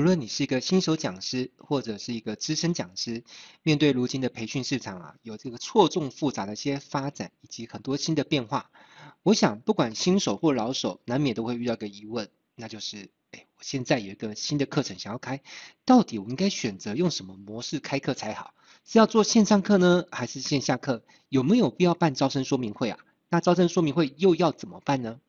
無論你是一個新手講師，或者是一個資深講師，面對如今的培訓市場啊，有這個錯綜複雜的一些發展，以及很多新的變化，我想不管新手或老手，難免都會遇到一個疑問，那就是，哎，我現在有一個新的課程想要開，到底我應該選擇用什麼模式開課才好？是要做線上課呢，還是線下課？有沒有必要辦招生說明會啊？那招生說明會又要怎麼辦呢？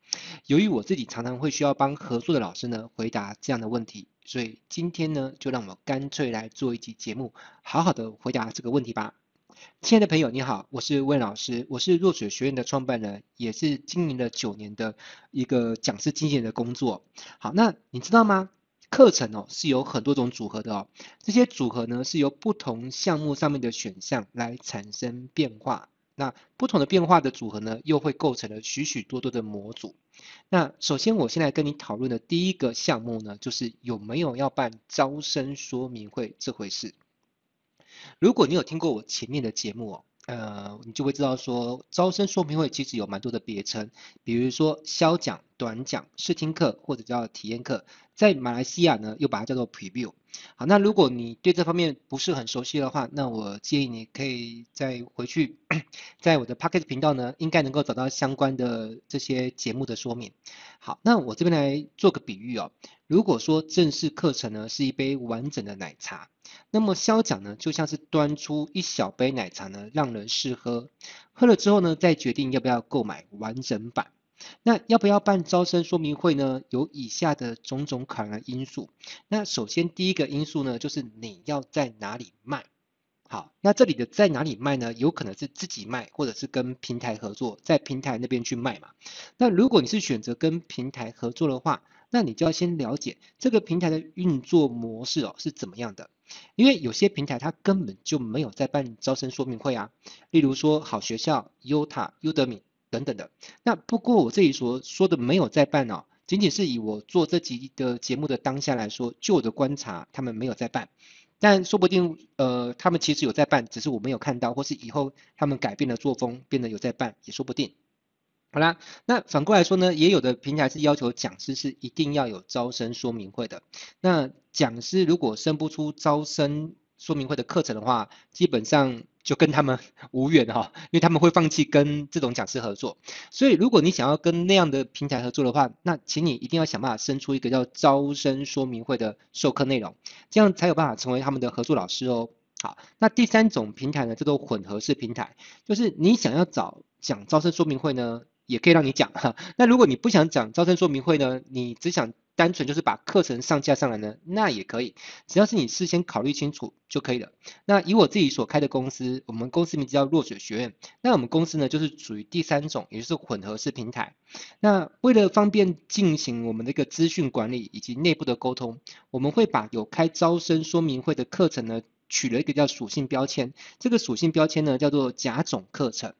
由於我自己常常會需要幫合作的老師呢，回答這樣的問題，所以今天呢就讓我們乾脆來做一集節目，好好的回答這個問題吧。親愛的朋友你好，我是溫老師，我是弱水學院的創辦人，也是經營了九年的一個講師經紀人的工作。好，那你知道嗎？課程哦是有很多種組合的哦，這些組合呢是由不同項目上面的選項來產生變化。那不同的變化的組合呢，又會構成了許許多多的模組。那首先，我現在跟你討論的第一個項目呢，就是有沒有要辦招生說明會這回事。如果你有聽過我前面的節目哦。呃，你就會知道說招生說明會其實有蠻多的別稱，比如說小講、短講、試聽課或者叫體驗課，在馬來西亞呢又把它叫做 preview。好，那如果你對這方面不是很熟悉的話，那我建議你可以再回去，在我的 Podcast 頻道呢，應該能夠找到相關的這些節目的說明。好，那我這邊來做個比喻哦。如果說正式課程呢是一杯完整的奶茶，那麼銷講呢就像是端出一小杯奶茶呢讓人試喝，喝了之後呢再決定要不要購買完整版。那要不要辦招生說明會呢？有以下的種種考量因素。那首先第一個因素呢就是你要在哪裡賣。好，那這裡的在哪裡賣呢？有可能是自己賣，或者是跟平台合作，在平台那邊去賣嘛。那如果你是選擇跟平台合作的話，那你就要先了解這個平台的運作模式哦，是怎麼樣的？因為有些平台它根本就沒有在辦招生說明會啊，例如說好學校、YOTTA、Udemy 等等的。那不過我這裡所說的沒有在辦哦，僅僅是以我做這集的節目的當下來說，就我的觀察，他們沒有在辦。但說不定呃，他們其實有在辦，只是我沒有看到，或是以後他們改變了作風，變得有在辦，也說不定。好啦，那反過來說呢，也有的平台是要求講師是一定要有招生說明會的。那講師如果生不出招生說明會的課程的話，基本上就跟他們無緣哈哦，因為他們會放棄跟這種講師合作。所以如果你想要跟那樣的平台合作的話，那請你一定要想辦法生出一個叫招生說明會的授課內容，這樣才有辦法成為他們的合作老師哦。好，那第三種平台呢，叫做混合式平台，就是你想要找講招生說明會呢，也可以讓你講哈，那如果你不想講招生說明會呢，你只想單純就是把課程上架上來呢，那也可以，只要是你事先考慮清楚就可以了。那以我自己所開的公司，我們公司名字叫落水學院，那我們公司呢就是屬於第三種，也就是混合式平台。那為了方便進行我們的一個資訊管理以及內部的溝通，我們會把有開招生說明會的課程呢取了一個叫屬性標籤，這個屬性標籤呢叫做甲種課程。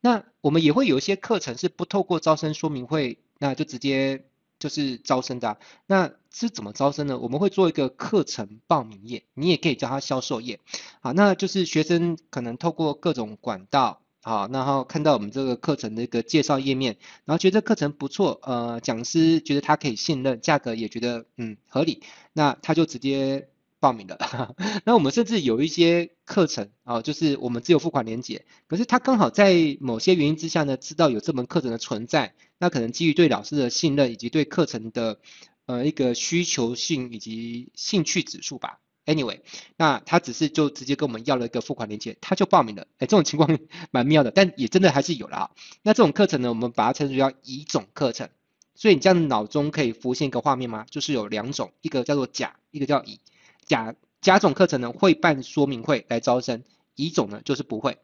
那我們也會有一些課程是不透過招生說明會，那就直接就是招生的啊。那是怎麼招生呢？我們會做一個課程報名頁，你也可以叫它銷售頁。好，那就是學生可能透過各種管道，好，然後看到我們這個課程的一個介紹頁面，然後覺得課程不錯，呃，講師覺得他可以信任，價格也覺得嗯，合理，那他就直接報名了， 那我們甚至有一些課程啊、哦，就是我們只有付款連接，可是他剛好在某些原因之下呢，知道有這門課程的存在，那可能基於對老師的信任以及對課程的呃一個需求性以及興趣指數吧。Anyway，那他只是就直接跟我們要了一個付款連接，他就報名了。哎，這種情況蠻妙的，但也真的還是有啦。啊。那這種課程呢，我們把它稱之為乙種課程。所以你這樣腦中可以浮現一個畫面嗎？就是有兩種，一個叫做甲，一個叫乙。甲，甲種課程呢，會辦說明會來招生，乙種呢，就是不會。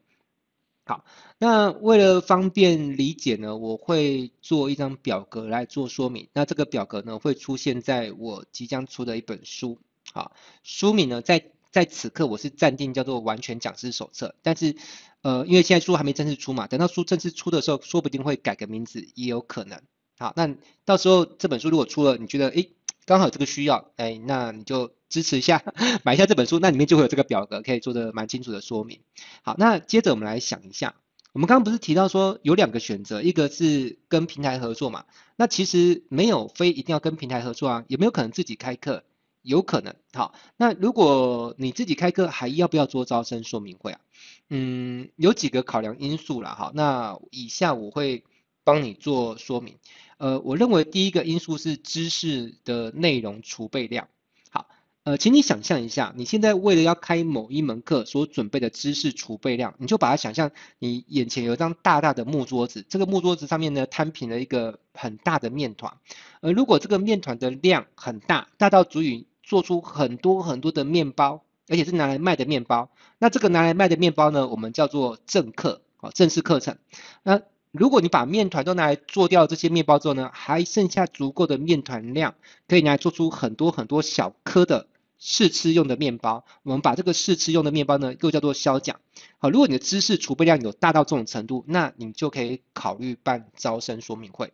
好，那為了方便理解呢，我會做一張表格來做說明。那這個表格呢會出現在我即將出的一本書。好，書名呢，在在此刻，我是暫定叫做《完全講師手冊》，但是呃因為現在書還沒正式出嘛，等到書正式出的時候，說不定會改個名字也有可能。好，那到時候這本書如果出了，你覺得哎？誒剛好這個需要，哎，那你就支持一下，買一下這本書，那裡面就會有這個表格，可以做得蠻清楚的說明。好，那接着我們來想一下，我們剛剛不是提到說有兩個選擇，一個是跟平台合作嘛，那其實沒有非一定要跟平台合作啊，有沒有可能自己開課？有可能。好，那如果你自己開課，還要不要做招生說明會啊？嗯，有幾個考量因素啦，哈，那以下我會幫你做說明。呃，我認為第一個因素是知識的內容儲備量。好，呃，請你想象一下，你現在為了要開某一門課所準備的知識儲備量，你就把它想象你眼前有一張大大的木桌子，這個木桌子上面呢攤平了一個很大的麵團，呃，如果這個麵團的量很大，大到足以做出很多很多的麵包，而且是拿來賣的麵包，那這個拿來賣的麵包呢，我們叫做正課，好，正式課程，那。如果你把麵團都拿來做掉這些麵包之後呢，還剩下足夠的麵團量，可以拿來做出很多很多小顆的試吃用的麵包。我們把這個試吃用的麵包呢，又叫做小講。好，如果你的知識儲備量有大到這種程度，那你就可以考慮辦招生說明會。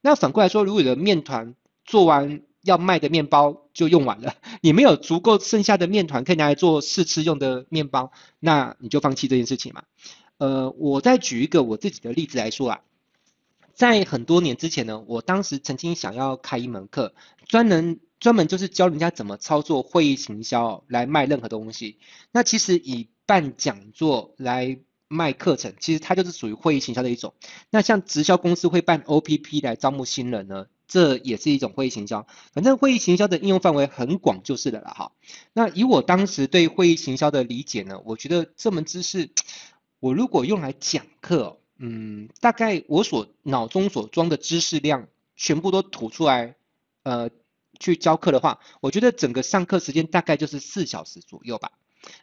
那反過來說，如果你的麵團做完要賣的麵包就用完了，你沒有足夠剩下的麵團可以拿來做試吃用的麵包，那你就放棄這件事情嘛。呃，我再舉一個我自己的例子來說啊，在很多年之前呢，我當時曾經想要開一門課，專門專門就是教人家怎麼操作會議行銷來賣任何東西。那其實以辦講座來賣課程，其實它就是屬於會議行銷的一種。那像直銷公司會辦 OPP 來招募新人呢，這也是一種會議行銷。反正會議行銷的應用範圍很廣，就是的了哈。那以我當時對會議行銷的理解呢，我覺得這門知識。我如果用來講課，嗯，大概我所腦中所裝的知識量全部都吐出來，呃，去教課的話，我覺得整個上課時間大概就是四小時左右吧。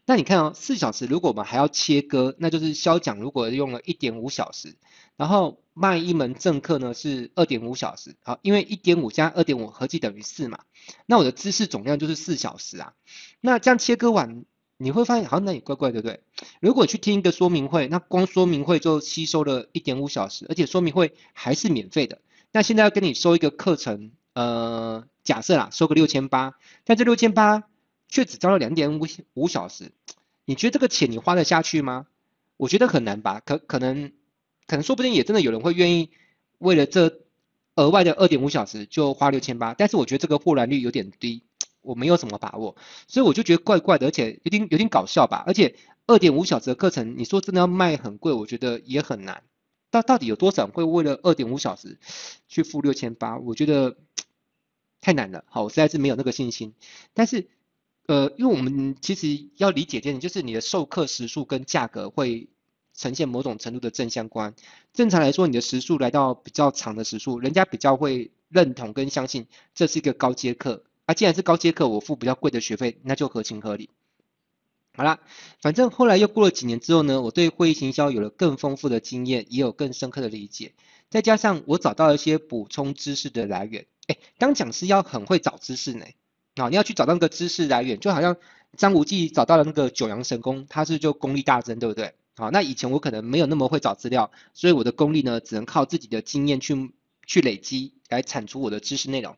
那你看哦，四小時如果我們還要切割，那就是小講，如果用了一點五小時，然後賣一門正課呢是二點五小時，好，因為一點五加二點五合計等於四嘛，那我的知識總量就是四小時啊，那這樣切割完。你會發現，好像那也怪怪，對不對？如果你去聽一個說明會，那光說明會就吸收了一點五小時，而且說明會還是免費的。那現在要跟你收一個課程，呃，假設啦，收個六千八，但這六千八卻只招了兩點五五小時，你覺得這個錢你花得下去嗎？我覺得很難吧，可可能可能說不定也真的有人會願意為了這額外的二點五小時就花六千八，但是我覺得這個破覽率有點低。我沒有什麼把握，所以我就覺得怪怪的，而且有點有點搞笑吧。而且二點五小時的課程，你說真的要賣很貴，我覺得也很難。到到底有多少人會為了二點五小時去付六千八？我覺得太難了。好，我實在是沒有那個信心。但是，呃，因為我們其實要理解一點，就是你的授課時數跟價格會呈現某種程度的正相關。正常來說，你的時數來到比較長的時數，人家比較會認同跟相信這是一個高階課。那既然是高階課，我付比較貴的學費，那就合情合理。好啦，反正後來又過了幾年之後呢，我對會議行銷有了更豐富的經驗，也有更深刻的理解。再加上我找到了一些補充知識的來源。誒，當講師要很會找知識呢。啊，你要去找到那個知識來源，就好像張無忌找到了那個九陽神功，他是就功力大增，對不對？啊，那以前我可能沒有那麼會找資料，所以我的功力呢，只能靠自己的經驗去去累積，來產出我的知識內容。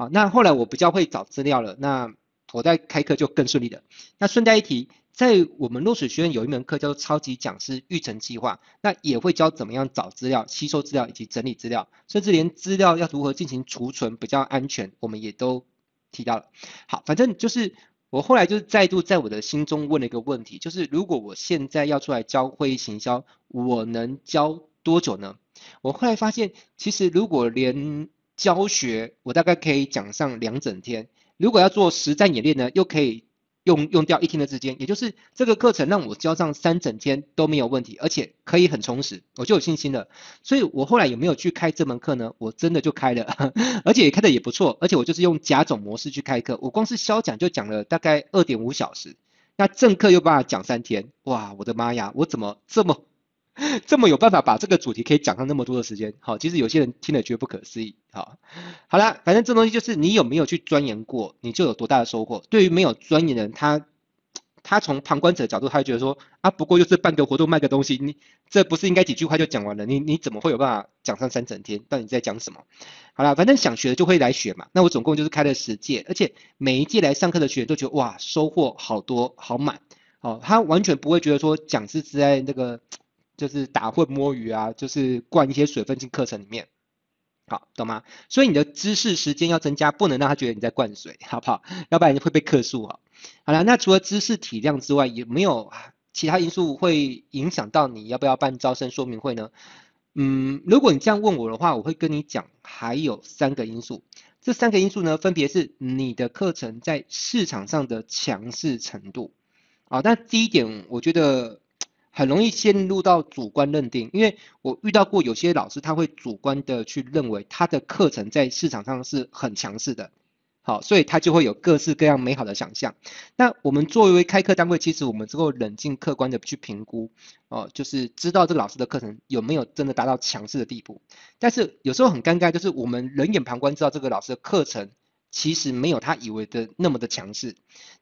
好，那後來我比較會找資料了，那我在開課就更順利了。那順帶一提，在我們露水學院有一門課叫做超級講師育成計劃，那也會教怎麼樣找資料、吸收資料以及整理資料，甚至連資料要如何進行儲存比較安全，我們也都提到了。好，反正就是我後來就是再度在我的心中問了一個問題，就是如果我現在要出來教會議行銷，我能教多久呢？我後來發現，其實如果連教學我大概可以講上兩整天，如果要做實戰演練呢，又可以用用掉一天的時間，也就是這個課程讓我教上三整天都沒有問題，而且可以很充實，我就有信心了。所以我後來有沒有去開這門課呢？我真的就開了，而且也開的也不錯，而且我就是用甲種模式去開課，我光是銷講就講了大概二點五小時，那正課又把它講三天，哇，我的媽呀，我怎麼這麼？這麼有辦法把這個主題可以講上那麼多的時間，好，其實有些人聽了覺得不可思議，好，好了，反正這東西就是你有沒有去鑽研過，你就有多大的收穫。對於沒有鑽研的人，他他從旁觀者的角度，他就覺得說啊，不過就是辦個活動賣個東西，你這不是應該幾句話就講完了？你你怎麼會有辦法講上三整天？到底在講什麼？好了，反正想學的就會來學嘛。那我總共就是開了十屆，而且每一屆來上課的學員都覺得哇，收穫好多好滿，哦，他完全不會覺得說講師是在那個。就是打混摸魚啊，就是灌一些水分進課程裡面，好懂嗎？所以你的知識時間要增加，不能讓他覺得你在灌水，好不好？要不然會被客訴哦。好了，那除了知識體量之外，有沒有其他因素會影響到你要不要辦招生說明會呢？嗯，如果你這樣問我的話，我會跟你講，還有三個因素。這三個因素呢，分別是你的課程在市場上的強勢程度。啊，但第一點，我覺得。很容易陷入到主觀認定，因為我遇到過有些老師，他會主觀的去認為他的課程在市場上是很強勢的，好，所以他就會有各式各樣美好的想象。那我們作為開課單位，其實我們能夠冷靜客觀的去評估，哦，就是知道這老師的課程有沒有真的達到強勢的地步。但是有時候很尷尬，就是我們冷眼旁觀，知道這個老師的課程其實沒有他以為的那麼的強勢，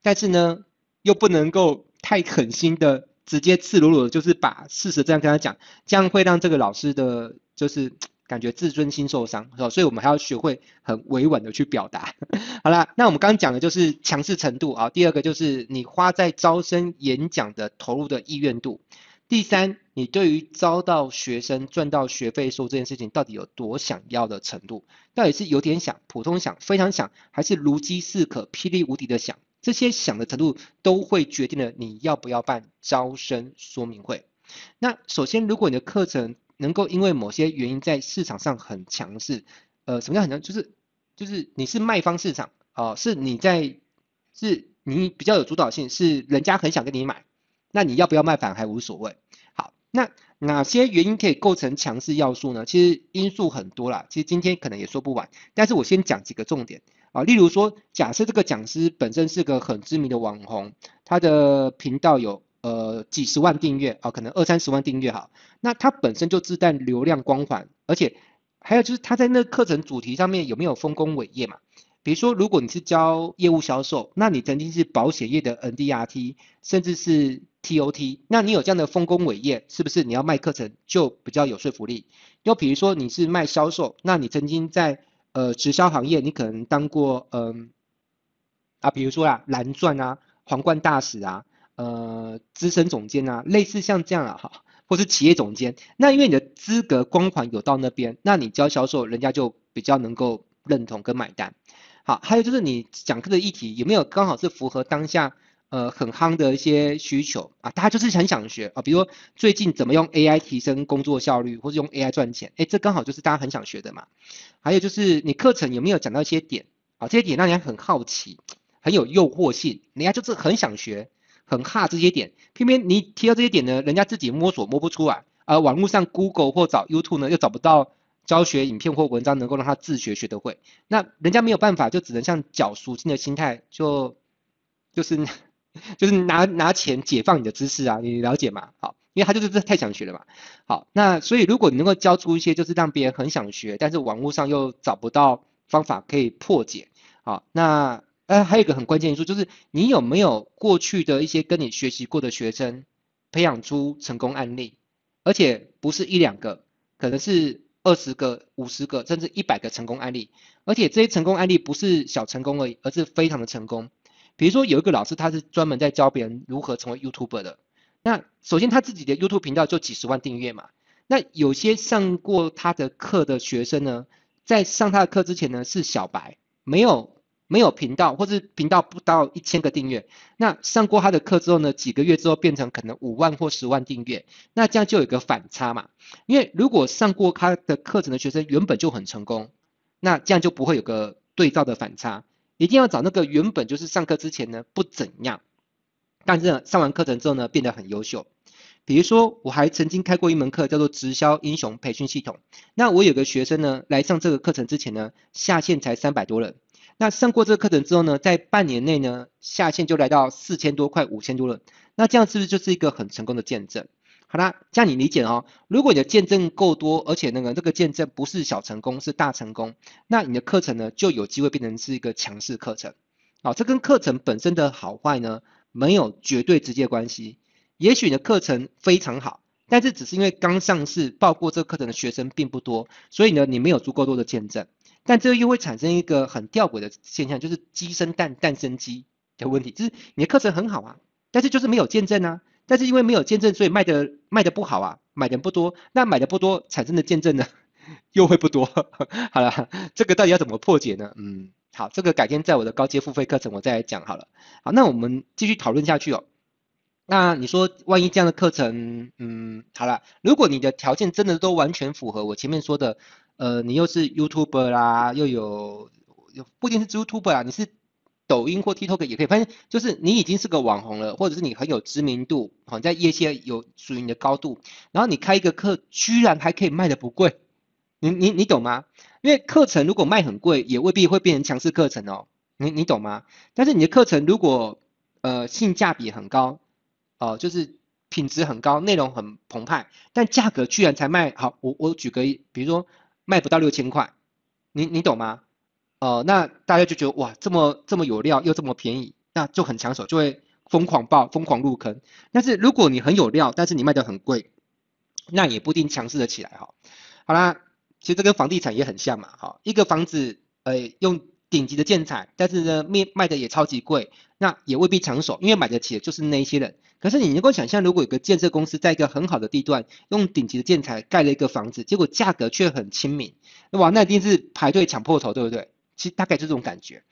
但是呢，又不能夠太狠心的。直接赤裸裸的就是把事實這樣跟他講，這樣會讓這個老師的就是感覺自尊心受傷，是吧？所以我們還要學會很委婉的去表達。好啦，那我們剛剛講的就是強勢程度啊，第二個就是你花在招生演講的投入的意願度，第三，你對於招到學生賺到學費說這件事情到底有多想要的程度，到底是有點想、普通想、非常想，還是如飢似渴、霹靂無敵的想？這些想的程度都會決定了你要不要辦招生說明會。那首先，如果你的課程能夠因為某些原因在市場上很強勢，呃，什麼叫很強？就是就是你是賣方市場啊，呃，是你在是你比較有主導性，是人家很想跟你買，那你要不要賣反還無所謂。好，那哪些原因可以構成強勢要素呢？其實因素很多啦，其實今天可能也說不完，但是我先講幾個重點。啊，例如說，假設這個講師本身是個很知名的網紅，他的頻道有呃幾十萬訂閱，啊、哦，可能二三十萬訂閱，哈，那他本身就自帶流量光環，而且還有就是他在那課程主題上面有沒有豐功偉業嘛？比如說，如果你是教業務銷售，那你曾經是保險業的 NDRT，甚至是 TOT，那你有這樣的豐功偉業，是不是你要賣課程就比較有說服力？又比如說你是賣銷售，那你曾經在呃，直銷行業你可能當過嗯、呃、啊，比如說啊，藍鑽啊，皇冠大使啊，呃，資深總監啊，類似像這樣啊哈，或是企業總監，那因為你的資格光環有到那邊，那你教銷售，人家就比較能夠認同跟買單。好，還有就是你講課的議題有沒有剛好是符合當下？呃，很夯的一些需求啊，大家就是很想學啊，比如最近怎麼用 AI 提升工作效率，或是用 AI 賺錢，哎，這剛好就是大家很想學的嘛。還有就是你課程有沒有講到一些點啊？這些點讓人家很好奇，很有誘惑性，人家就是很想學，很哈這些點。偏偏你提到這些點呢，人家自己摸索摸不出來，而、呃、網絡上 Google 或找 YouTube 呢又找不到教學影片或文章能夠讓他自學學得會，那人家沒有辦法，就只能像繳贖金的心態，就就是。就是拿拿錢解放你的知識啊，你了解嗎？好，因為他就是太想學了嘛。好，那所以如果你能夠教出一些就是讓別人很想學，但是網絡上又找不到方法可以破解，好，那呃還有一個很關鍵因素就是你有沒有過去的一些跟你學習過的學生培養出成功案例，而且不是一兩個，可能是二十個、五十個，甚至一百個成功案例，而且這些成功案例不是小成功而已，而是非常的成功。比如說有一個老師，他是專門在教別人如何成為 YouTuber 的。那首先他自己的 YouTube 頻道就幾十萬訂閱嘛。那有些上過他的課的學生呢，在上他的課之前呢是小白，沒有沒有頻道或是頻道不到一千個訂閱。那上過他的課之後呢，幾個月之後變成可能五萬或十萬訂閱。那這樣就有個反差嘛。因為如果上過他的課程的學生原本就很成功，那這樣就不會有個對照的反差。一定要找那個原本就是上課之前呢不怎樣，但是呢上完課程之後呢變得很優秀。比如說，我還曾經開過一門課叫做直銷英雄培訓系統。那我有個學生呢來上這個課程之前呢下線才三百多人，那上過這個課程之後呢，在半年內呢下線就來到四千多塊、快五千多人。那這樣是不是就是一個很成功的見證？好啦，這樣你理解哦。如果你的見證夠多，而且那個這個見證不是小成功，是大成功，那你的課程呢就有機會變成是一個強勢課程。好，哦，這跟課程本身的好壞呢沒有絕對直接關係。也許你的課程非常好，但是只是因為剛上市，報過這個課程的學生並不多，所以呢你沒有足夠多的見證。但這又會產生一個很吊詭的現象，就是雞生蛋，蛋生雞的問題，就是你的課程很好啊，但是就是沒有見證啊。但是因為沒有見證，所以賣的賣的不好啊，買的不多，那買的不多產生的見證呢，又會不多。好了，這個到底要怎麼破解呢？嗯，好，這個改天在我的高階付費課程我再來講好了。好，那我們繼續討論下去哦。那你說萬一這樣的課程，嗯，好了，如果你的條件真的都完全符合我前面說的，呃，你又是 YouTuber 啦，又有，又不一定是 YouTuber 啦，你是。抖音或 TikTok、ok、也可以發現，就是你已經是個網紅了，或者是你很有知名度，好像在業界有屬於你的高度，然後你開一個課，居然還可以賣得不貴，你你你懂嗎？因為課程如果賣很貴，也未必會變成強勢課程哦，你你懂嗎？但是你的課程如果呃性價比很高，哦、呃，就是品質很高，內容很澎湃，但價格居然才賣好，我我舉個例，比如說賣不到六千塊，你你懂嗎？哦、呃，那大家就覺得哇，這麼這麼有料又這麼便宜，那就很搶手，就會瘋狂爆、瘋狂入坑。但是如果你很有料，但是你賣得很貴，那也不一定強勢的起來哈。好啦，其實這跟房地產也很像嘛，哈，一個房子，呃，用頂級的建材，但是呢賣賣的也超級貴，那也未必搶手，因為買得起的就是那一些人。可是你能夠想象，如果有個建設公司在一個很好的地段，用頂級的建材蓋了一個房子，結果價格卻很親民，哇，那一定是排隊搶破頭，對不對？其實大概就這種感覺，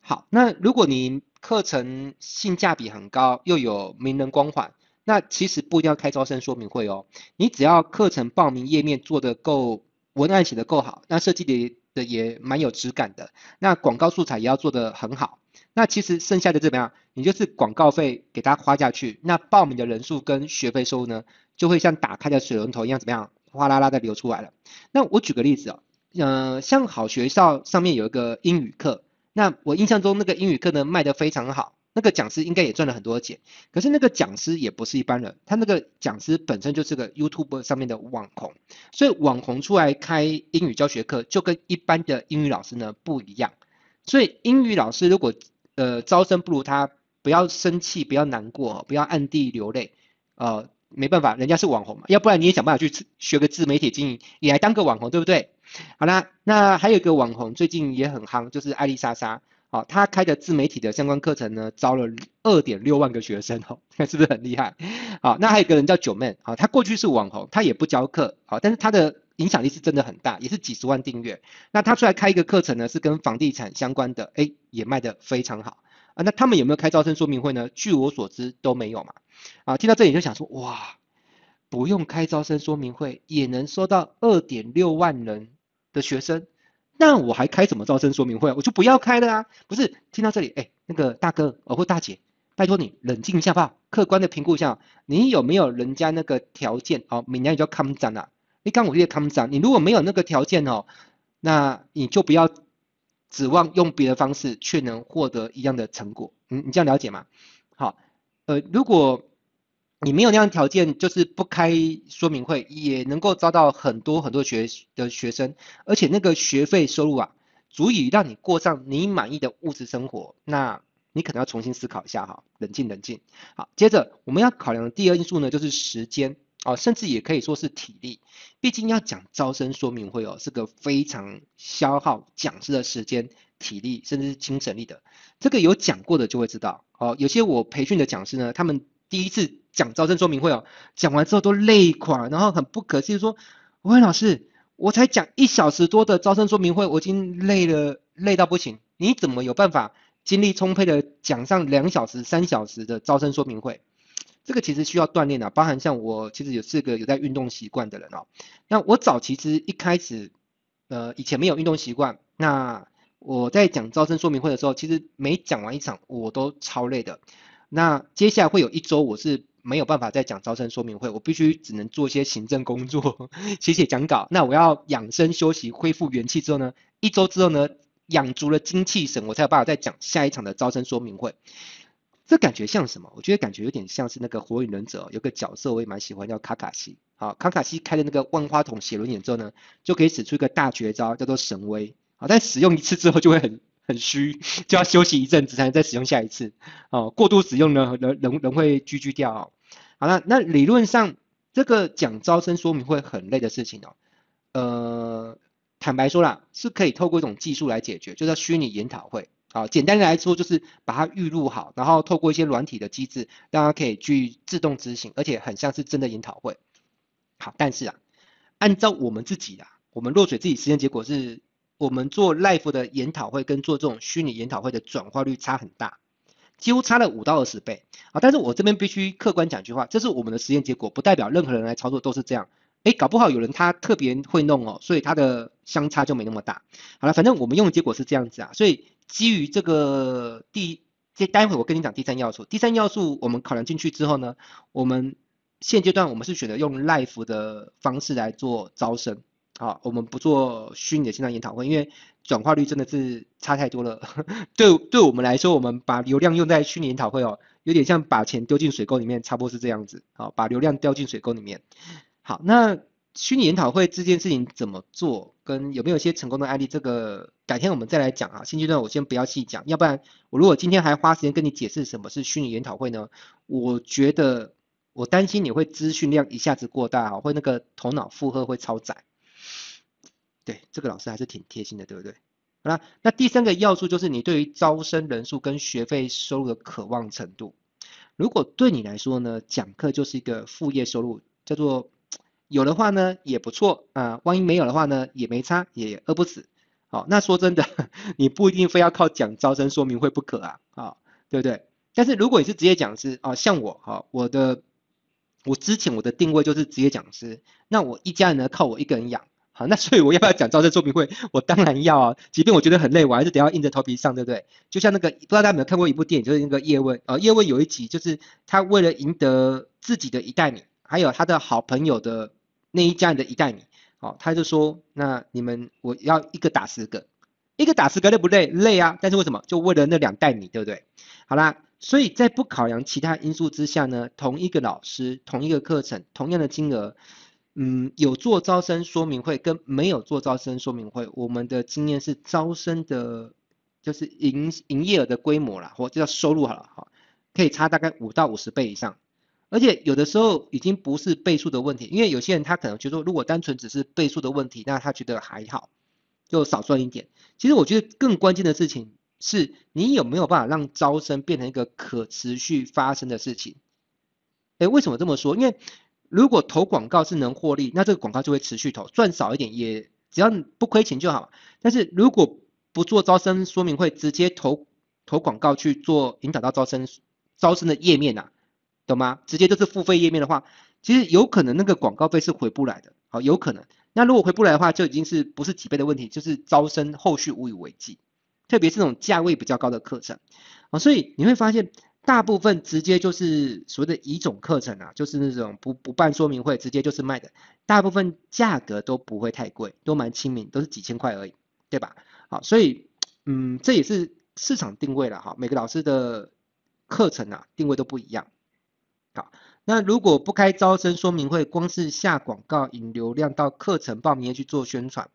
好，那如果你課程性價比很高，又有名人光環，那其實不一定要開招生說明會哦，你只要課程報名頁面做得夠，文案寫得夠好，那設計的的也蠻有質感的，那廣告素材也要做得很好，那其實剩下的怎麼樣，你就是廣告費給他花下去，那報名的人數跟學費收入呢，就會像打開的水龍頭一樣怎麼樣，嘩啦啦的流出來了。那我舉個例子哦。呃，像好學校上面有一個英語課，那我印象中那個英語課呢賣得非常好，那個講師應該也賺了很多錢。可是那個講師也不是一般人，他那個講師本身就是個 YouTube 上面的網紅，所以網紅出來開英語教學課就跟一般的英語老師呢不一樣。所以英語老師如果呃招生，不如他，不要生氣，不要難過，不要暗地流淚，呃，沒辦法，人家是網紅嘛，要不然你也想辦法去學個自媒體經營，也來當個網紅，對不對？好啦，那還有一個網紅最近也很夯，就是艾麗莎莎，好、哦，她開的自媒體的相關課程呢，招了二點六萬個學生哦，是不是很厲害？好、哦，那還有一個人叫九妹，好，她過去是網紅，她也不教課，好、哦，但是她的影響力是真的很大，也是幾十萬訂閱。那她出來開一個課程呢，是跟房地產相關的，誒也賣得非常好。啊，那他們有沒有開招生說明會呢？據我所知都沒有嘛。啊，聽到這裡就想說，哇，不用開招生說明會也能收到二點六萬人。的學生，那我還開什麼招生說明會啊？我就不要開了啊！不是，聽到這裡，哎、欸，那個大哥、哦、或大姐，拜托你冷靜一下吧。客觀的評估一下，你有沒有人家那個條件哦？每年也叫康展吶，你看我這個康展，你如果沒有那個條件哦，那你就不要指望用別的方式卻能獲得一樣的成果。嗯，你這樣了解嗎？好、哦，呃，如果。你沒有那樣條件，就是不開說明會，也能夠招到很多很多學的學生，而且那個學費收入啊，足以讓你過上你滿意的物質生活。那你可能要重新思考一下哈，冷靜冷靜。好，接着我們要考量的第二因素呢，就是時間哦，甚至也可以說是體力，畢竟要講招生說明會哦，是個非常消耗講師的時間、體力，甚至是精神力的。這個有講過的就會知道哦，有些我培訓的講師呢，他們。第一次講招生說明會哦，講完之後都累垮，然後很不可思議說：“喂老師，我才講一小時多的招生說明會，我已經累了，累到不行。你怎麼有辦法精力充沛的講上兩小時、三小時的招生說明會？這個其實需要鍛鍊的啊，包含像我其實也是個有在運動習慣的人哦。那我早其實一開始，呃，以前沒有運動習慣，那我在講招生說明會的時候，其實每講完一場我都超累的。”那接下來會有一週，我是沒有辦法再講招生說明會，我必須只能做一些行政工作，寫寫講稿。那我要養生休息，恢復元氣之後呢，一週之後呢，養足了精氣神，我才有辦法再講下一場的招生說明會。這感覺像什麼？我覺得感覺有點像是那個火影忍者，有個角色我也蠻喜歡，叫卡卡西。好，卡卡西開的那個萬花筒寫輪眼之後呢，就可以使出一個大絕招，叫做神威。好，但使用一次之後就會很。很虛，就要休息一陣子才能再使用下一次哦。過度使用呢，人人人會 GG 掉哦。好了，那理論上這個講招生說明會很累的事情哦，呃，坦白說啦，是可以透過一種技術來解決，就叫做虛擬研討會。好，簡單來說就是把它預錄好，然後透過一些軟體的機制，讓它可以去自動執行，而且很像是真的研討會。好，但是啊，按照我們自己的，我們落水自己實驗結果是，我們做 live 的研討會跟做這種虛擬研討會的轉化率差很大，幾乎差了五到二十倍啊！但是我這邊必須客觀講一句話，這是我們的實驗結果，不代表任何人來操作都是這樣。哎，搞不好有人他特別會弄哦，所以他的相差就沒那麼大。好了，反正我們用的結果是這樣子啊。所以基於這個第這，待會我跟你講第三要素。第三要素我們考量進去之後呢，我們現階段我們是選擇用 live 的方式來做招生。好，我們不做虛擬的線上研討會，因為轉化率真的是差太多了。 對，對我們來說，我們把流量用在虛擬研討會哦，有點像把錢丟進水溝裡面，差不多是這樣子。好，把流量丟進水溝裡面。好，那虛擬研討會這件事情怎麼做，跟有沒有一些成功的案例？這個改天我們再來講啊。現階段我先不要細講，要不然我如果今天還花時間跟你解釋什麼是虛擬研討會呢？我覺得我擔心你會資訊量一下子過大啊，會那個頭腦負荷會超載。對，這個老師還是挺貼心的，對不對？好啦，那第三個要素就是你對於招生人數跟學費收入的渴望程度。如果對你來說呢，講課就是一個副業收入，叫做有的話呢也不錯啊、呃，萬一沒有的話呢也沒差，也餓不死。好、哦，那說真的，你不一定非要靠講招生說明會不可啊，啊、哦，對不對？但是如果你是職業講師啊、哦，像我啊、哦，我的我之前我的定位就是職業講師，那我一家人呢靠我一個人養。那所以我要不要講招生作品會？我當然要啊！即便我覺得很累，我還是得要硬着頭皮上，對不對？就像那個不知道大家有沒有看過一部電影，就是那個葉問。呃，葉問有一集就是他為了贏得自己的一袋米，還有他的好朋友的那一家人的一袋米，哦，他就說：那你們我要一個打十個，一個打十個累不累？累啊！但是為什麼？就為了那兩袋米，對不對？好啦，所以在不考量其他因素之下呢，同一個老師、同一個課程、同樣的金額。嗯，有做招生說明會跟沒有做招生說明會，我們的經驗是招生的，就是營營業額的規模啦，或者叫收入好了，好，可以差大概五到五十倍以上，而且有的時候已經不是倍數的問題，因為有些人他可能覺得如果單純只是倍數的問題，那他覺得還好，就少賺一點。其實我覺得更關鍵的事情是你有沒有辦法讓招生變成一個可持續發生的事情。誒，為什麼這麼說？因為。如果投廣告是能獲利，那這個廣告就會持續投，賺少一點也只要你不虧錢就好。但是如果不做招生說明會，直接投投廣告去做引導到招生招生的頁面吶、啊，懂嗎？直接就是付費頁面的話，其實有可能那個廣告費是回不來的，好有可能。那如果回不來的話，就已經是不是幾倍的問題，就是招生後續無以為繼，特別是這種價位比較高的課程，啊、哦，所以你會發現。大部分直接就是所謂的乙種課程啊，就是那種不不辦說明會，直接就是賣的。大部分價格都不會太貴，都蠻親民，都是幾千塊而已，對吧？好，所以嗯，這也是市場定位了哈。每個老師的課程啊定位都不一樣。好，那如果不開招生說明會，光是下廣告引流量到課程報名頁去做宣傳，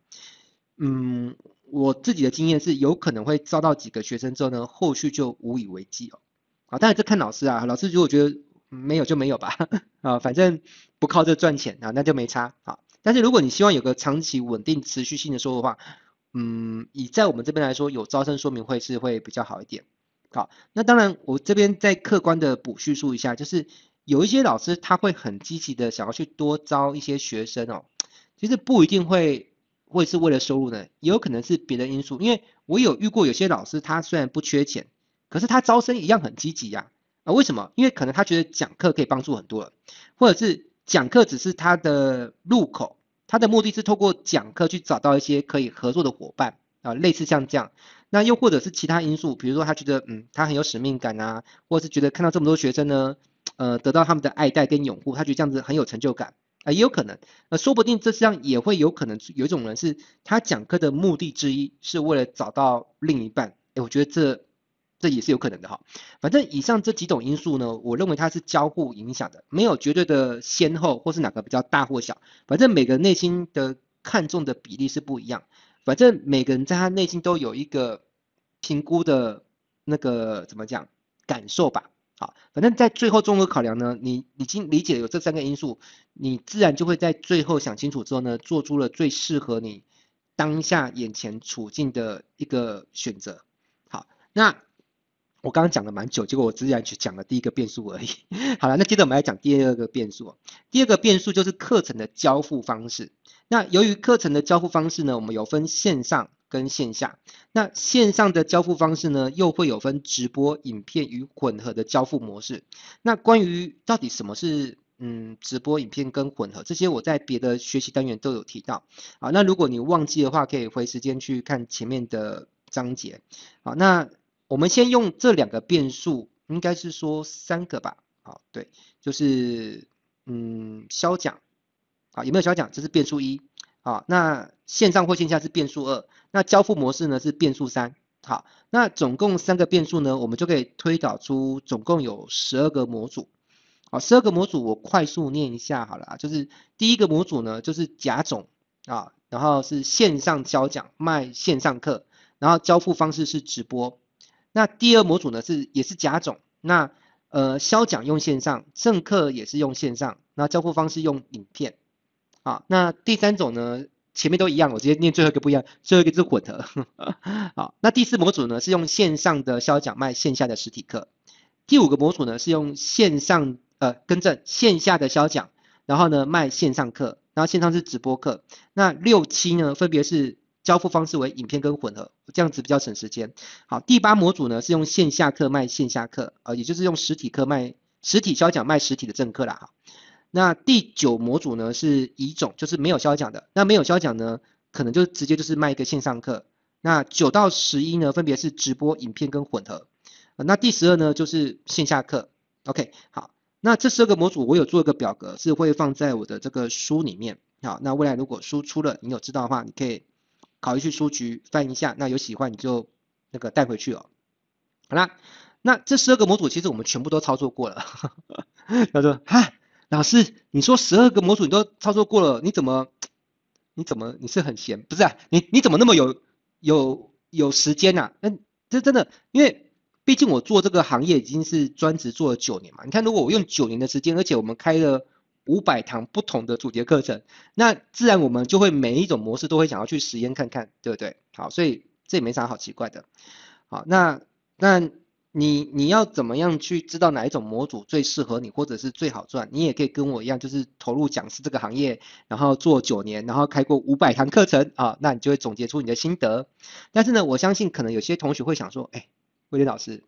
嗯，我自己的經驗是有可能會招到幾個學生之後呢，後續就無以為繼哦。啊，當然這看老師啊，老師如果覺得沒有就沒有吧，啊，反正不靠這賺錢啊，那就沒差。好，但是如果你希望有個長期穩定持續性的收入的話，嗯，以在我們這邊來說，有招生說明會是會比較好一點。好，那當然我這邊再客觀的補敘述一下，就是有一些老師他會很積極的想要去多招一些學生哦，其實不一定會會是為了收入呢，也有可能是別的因素。因為我有遇過有些老師，他雖然不缺錢。可是他招生一樣很積極呀，啊、呃，為什麼？因為可能他覺得講課可以幫助很多人，或者是講課只是他的入口，他的目的是透過講課去找到一些可以合作的夥伴啊、呃，類似像這樣。那又或者是其他因素，比如說他覺得嗯，他很有使命感啊，或者是覺得看到這麼多學生呢，呃，得到他們的愛戴跟擁護，他覺得這樣子很有成就感啊、呃，也有可能。那、呃、說不定這世上也會有可能有一種人是他講課的目的之一是為了找到另一半。哎、欸，我覺得這。這也是有可能的哈，反正以上這幾種因素呢，我認為它是交互影響的，沒有絕對的先後或是哪個比較大或小，反正每個內心的看重的比例是不一樣，反正每個人在他內心都有一個評估的那個怎麼講感受吧。好，反正在最後綜合考量呢，你已經理解了有這三個因素，你自然就會在最後想清楚之後呢，做出了最適合你當下眼前處境的一個選擇。好，那。我剛剛講了蠻久，結果我只講了第一個變數而已。好了，那接着我們來講第二個變數。第二個變數就是課程的交付方式。那由於課程的交付方式呢，我們有分線上跟線下。那線上的交付方式呢，又會有分直播、影片與混合的交付模式。那關於到底什麼是嗯直播、影片跟混合這些，我在別的學習單元都有提到。好，那如果你忘記的話，可以回時間去看前面的章節。好，那。我們先用這兩個變數，應該是說三個吧，好，對，就是嗯，銷講，啊，有沒有銷講？這是變數一，啊，那線上或線下是變數二，那交付模式呢是變數三，好，那總共三個變數呢，我們就可以推導出總共有十二個模組，好，十二個模組我快速念一下好了啊，就是第一個模組呢就是甲種啊，然後是線上銷講賣線上課，然後交付方式是直播。那第二模組呢是也是甲種，那呃銷講用線上，正課也是用線上，那交付方式用影片，好，那第三種呢前面都一樣，我直接念最後一個不一樣，最後一個是混合呵呵，好，那第四模組呢是用線上的銷講賣線下的實體課，第五個模組呢是用線上呃更正線下的銷講，然後呢賣線上課，然後線上是直播課，那六七呢分別是。交付方式為影片跟混合，這樣子比較省時間。好，第八模組呢是用線下課賣線下課，啊，也就是用實體課賣實體銷講賣實體的正課啦。哈，那第九模組呢是一種，就是沒有銷講的。那沒有銷講呢，可能就直接就是賣一個線上課。那九到十一呢，分別是直播、影片跟混合。那第十二呢就是線下課。OK，好，那這十二個模組我有做一個表格，是會放在我的這個書裡面。好，那未來如果書出了，你有知道的話，你可以。考慮去書局翻一下，那有喜歡你就那個帶回去哦。好啦，那這十二個模組其實我們全部都操作過了。 他說哈，老師，你說十二個模組你都操作過了，你怎麼你怎麼你是很閒不是，啊？你你怎麼那麼有有有時間吶，啊？那，欸、這真的，因為畢竟我做這個行業已經是專職做了九年嘛。你看，如果我用九年的時間，而且我們開了。五百堂不同的主題課程，那自然我們就會每一種模式都會想要去實驗看看，對不對？好，所以這也沒啥好奇怪的。好，那那你你要怎麼樣去知道哪一種模組最適合你，或者是最好賺？你也可以跟我一樣，就是投入講師這個行業，然後做九年，然後開過五百堂課程啊、哦，那你就會總結出你的心得。但是呢，我相信可能有些同學會想說，哎，威廉老師，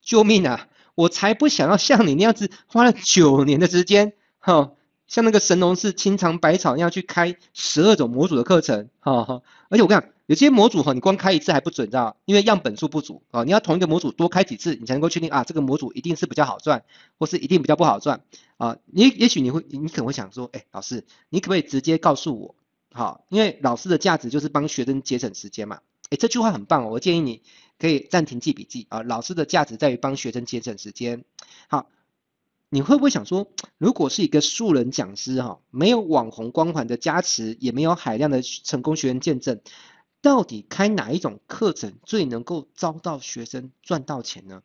救命啊！我才不想要像你那樣子花了九年的時間，哈、哦。像那個神農氏嘗百草一樣去開十二種模組的課程，哈哈。而且我跟你講有些模組哈，你光開一次還不準，你知道因為樣本數不足啊。你要同一個模組多開幾次，你才能夠確定啊，這個模組一定是比較好賺，或是一定比較不好賺啊。也也許你會，你可能會想說，哎、欸，老師，你可不可以直接告訴我？好，因為老師的價值就是幫學生節省時間嘛。哎、欸，這句話很棒、哦，我建議你可以暫停記筆記啊。老師的價值在於幫學生節省時間。好、啊。你會不會想說，如果是一個素人講師，哈，沒有網紅光環的加持，也沒有海量的成功學員見證，到底開哪一種課程最能夠招到學生賺到錢呢？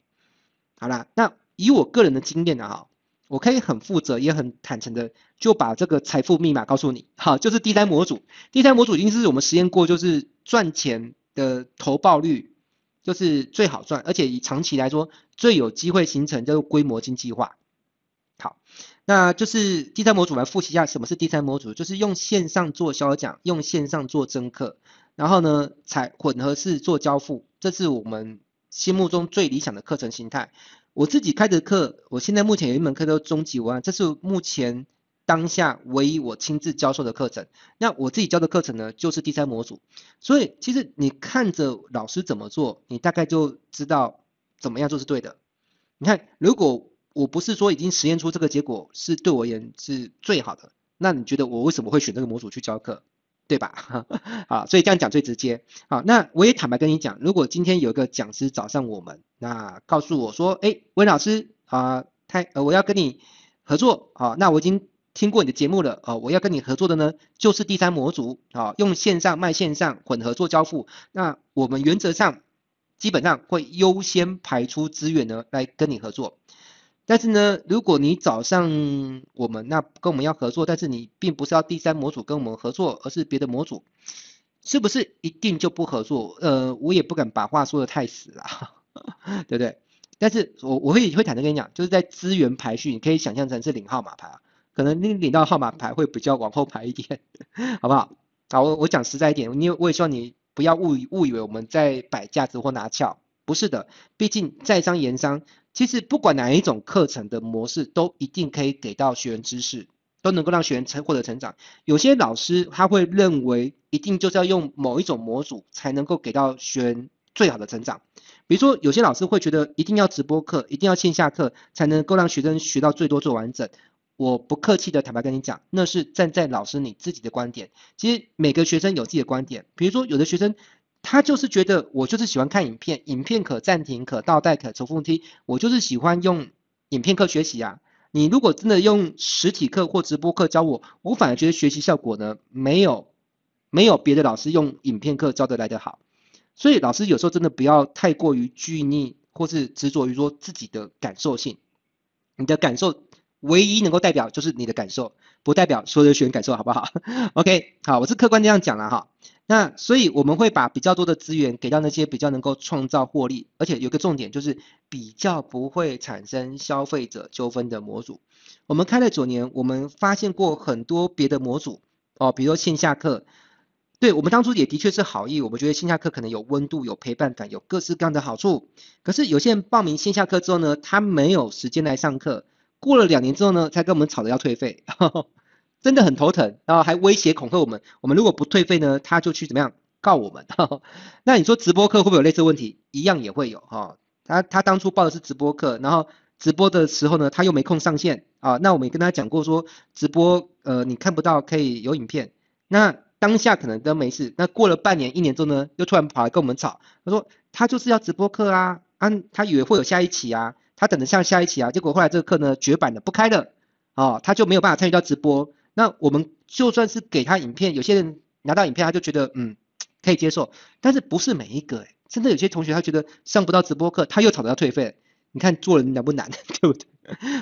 好啦，那以我個人的經驗哈，我可以很負責也很坦誠的就把這個財富密碼告訴你，哈，就是第三模組。第三模組已經是我們實驗過，就是賺錢的投報率就是最好賺，而且以長期來說，最有機會形成叫做規模經濟化。好，那就是第三模組，來複習一下什麼是第三模組，就是用線上做銷講，用線上做增課，然後呢，採混合式做交付，這是我們心目中最理想的課程形態。我自己開的課，我現在目前有一門課叫《終極文案》，這是目前當下唯一我親自教授的課程。那我自己教的課程呢，就是第三模組。所以，其實你看着老師怎麼做，你大概就知道怎麼樣做是對的。你看，如果。我不是說已經實驗出這個結果是對我而言是最好的，那你覺得我為什麼會選這個模組去教課，對吧？啊， 所以這樣講最直接。啊，那我也坦白跟你講，如果今天有一個講師找上我們，那告訴我說，哎，溫老師啊，他呃，太呃我要跟你合作啊、哦，那我已經聽過你的節目了啊、呃，我要跟你合作的呢就是第三模組啊、哦，用線上賣線上混合做交付，那我們原則上基本上會優先排出資源呢來跟你合作。但是呢，如果你找上我們，那跟我們要合作，但是你並不是要第三模組跟我們合作，而是別的模組，是不是一定就不合作？呃，我也不敢把話說得太死啊，對不對？但是我我會會坦誠跟你講，就是在資源排序，你可以想象成是領號碼牌，可能你領到號碼牌會比較往後排一點，好不好？好，我我講實在一點，你我也希望你不要誤誤以為我們在擺架子或拿翹。不是的，畢竟在商言商，其實不管哪一種課程的模式，都一定可以給到學員知識，都能夠讓學員成獲得成長。有些老師他會認為，一定就是要用某一種模組，才能夠給到學員最好的成長。比如說，有些老師會覺得，一定要直播課，一定要線下課，才能夠讓學生學到最多、最完整。我不客氣地坦白跟你講，那是站在老師你自己的觀點。其實每個學生有自己的觀點。比如說，有的學生，他就是覺得我就是喜歡看影片，影片可暫停、可倒帶、可重複聽，我就是喜歡用影片課學習啊。你如果真的用實體課或直播課教我，我反而覺得學習效果呢，沒有沒有別的老師用影片課教得來的好。所以老師有時候真的不要太過於拘泥，或是執着於說自己的感受性，你的感受。唯一能夠代表就是你的感受，不代表所有的學員感受，好不好 ？OK，好，我是客觀這樣講啦哈。那所以我們會把比較多的資源給到那些比較能夠創造獲利，而且有個重點就是比較不會產生消費者糾紛的模組。我們開了九年，我們發現過很多別的模組哦，比如說線下課，對，我們當初也的確是好意，我們覺得線下課可能有溫度、有陪伴感、有各式各樣的好處。可是有些人報名線下課之後呢，他沒有時間來上課。過了兩年之後呢，才跟我們吵着要退費，真的很頭疼，然後還威脅恐嚇我們，我們如果不退費呢，他就去怎麼樣告我們呵呵？那你說直播課會不會有類似的問題？一樣也會有哈、哦。他他當初報的是直播課，然後直播的時候呢，他又沒空上線啊。那我們也跟他講過說，直播呃你看不到，可以有影片。那當下可能都沒事，那過了半年一年之後呢，又突然跑來跟我們吵，他說他就是要直播課啊，啊他以為會有下一期啊。他等着上下一期啊，結果後來這個課呢，絕版了，不開了，哦，他就沒有辦法參與到直播。那我們就算是給他影片，有些人拿到影片，他就覺得，嗯，可以接受，但是不是每一個哎，甚至有些同學他覺得上不到直播課，他又吵着要退費。你看做人難不難，對不對？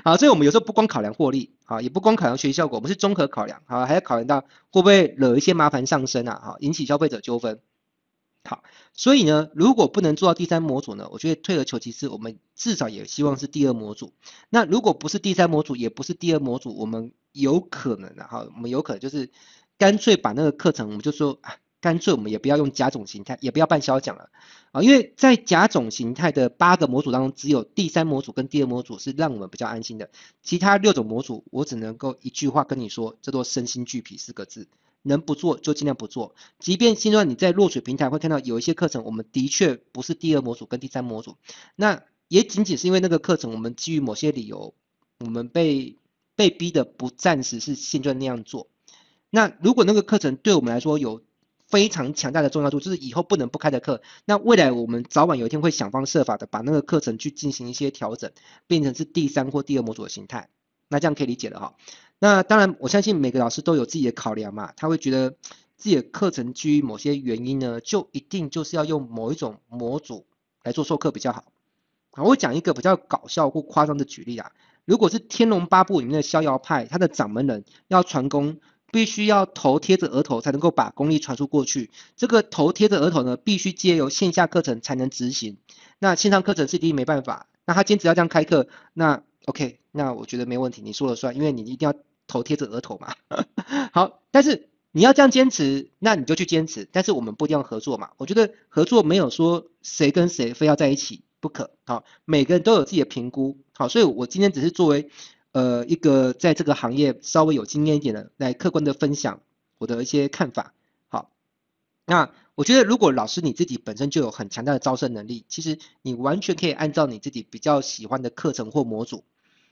好，所以我們有時候不光考量獲利，也不光考量學習效果，我們是綜合考量，好，還要考量到會不會惹一些麻煩上身啊，引起消費者糾紛。好，所以呢，如果不能做到第三模組呢，我覺得退而求其次，我們至少也希望是第二模組。那如果不是第三模組，也不是第二模組，我們有可能哈，我們有可能就是乾脆把那個課程，我們就說啊，乾脆我們也不要用甲種形態，也不要辦銷獎了啊，因為在甲種形態的八個模組當中，只有第三模組跟第二模組是讓我們比較安心的，其他六種模組，我只能夠一句話跟你說，叫做身心俱疲四個字。能不做就盡量不做。即便現在你在落水平台會看到有一些課程，我們的確不是第二模組跟第三模組，那也僅僅是因為那個課程我們基於某些理由，我們被被逼的不暫時是現在那樣做。那如果那個課程對我們來說有非常強大的重要度，就是以後不能不開的課，那未來我們早晚有一天會想方設法的把那個課程去進行一些調整，變成是第三或第二模組的形態，那這樣可以理解的哈。那當然，我相信每個老師都有自己的考量嘛，他會覺得自己的課程基於某些原因呢，就一定就是要用某一種模組來做授課比較好。好，我講一個比較搞笑或誇張的舉例啊，如果是《天龍八部》裡面的逍遙派，他的掌門人要傳功，必須要頭貼着額頭才能夠把功力傳輸過去。這個頭貼着額頭呢，必須借由線下課程才能執行，那線上課程是一定沒辦法。那他堅持要這樣開課，那。OK，那我覺得沒問題，你說了算，因為你一定要頭貼着額頭嘛。 好，但是你要這樣堅持，那你就去堅持。但是我們不一定要合作嘛。我覺得合作沒有說誰跟誰非要在一起不可。好，每個人都有自己的評估。好，所以我今天只是作為呃一個在這個行業稍微有經驗一點的來客觀的分享我的一些看法。好，那我覺得如果老師你自己本身就有很強大的招生能力，其實你完全可以按照你自己比較喜歡的課程或模組。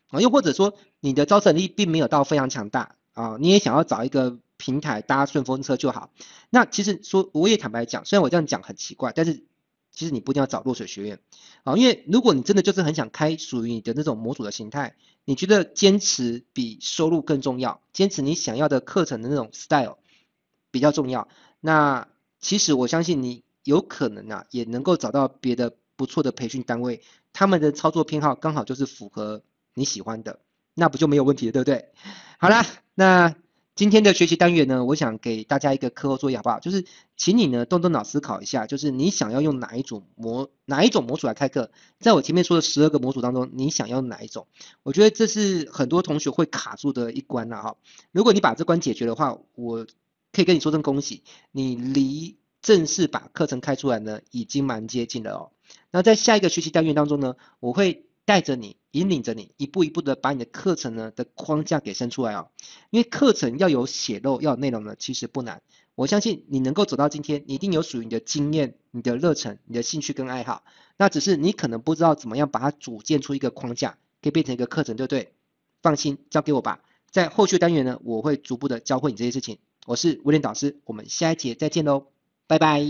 啊，又或者說你的招生力並沒有到非常強大啊，你也想要找一個平台搭順風車就好。那其實說我也坦白講，雖然我這樣講很奇怪，但是其實你不一定要找落水學院啊，因為如果你真的就是很想開屬於你的那種模組的形態，你覺得堅持比收入更重要，堅持你想要的課程的那種 style 比較重要。那其實我相信你有可能啊，也能夠找到別的不錯的培訓單位，他們的操作偏好剛好就是符合。你喜歡的，那不就沒有問題了，對不對？好啦，那今天的學習單元呢，我想給大家一個課後作業好不好？就是請你呢，動動腦思考一下，就是你想要用哪一種模哪一種模組來開課，在我前面說的十二個模組當中，你想要哪一種？我覺得這是很多同學會卡住的一關了哈哦。如果你把這關解決的話，我可以跟你說聲恭喜，你離正式把課程開出來呢已經蠻接近了哦。那在下一個學習單元當中呢，我會。帶着你，引領着你，一步一步的把你的課程呢的框架給生出來哦。因為課程要有血肉，要有內容呢，其實不難。我相信你能夠走到今天，你一定有屬於你的經驗、你的熱忱、你的興趣跟愛好。那只是你可能不知道怎麼樣把它組建出一個框架，可以變成一個課程，對不對？放心，交給我吧。在後續單元呢，我會逐步的教會你這些事情。我是威廉導師，我們下一節再見嘍，拜拜。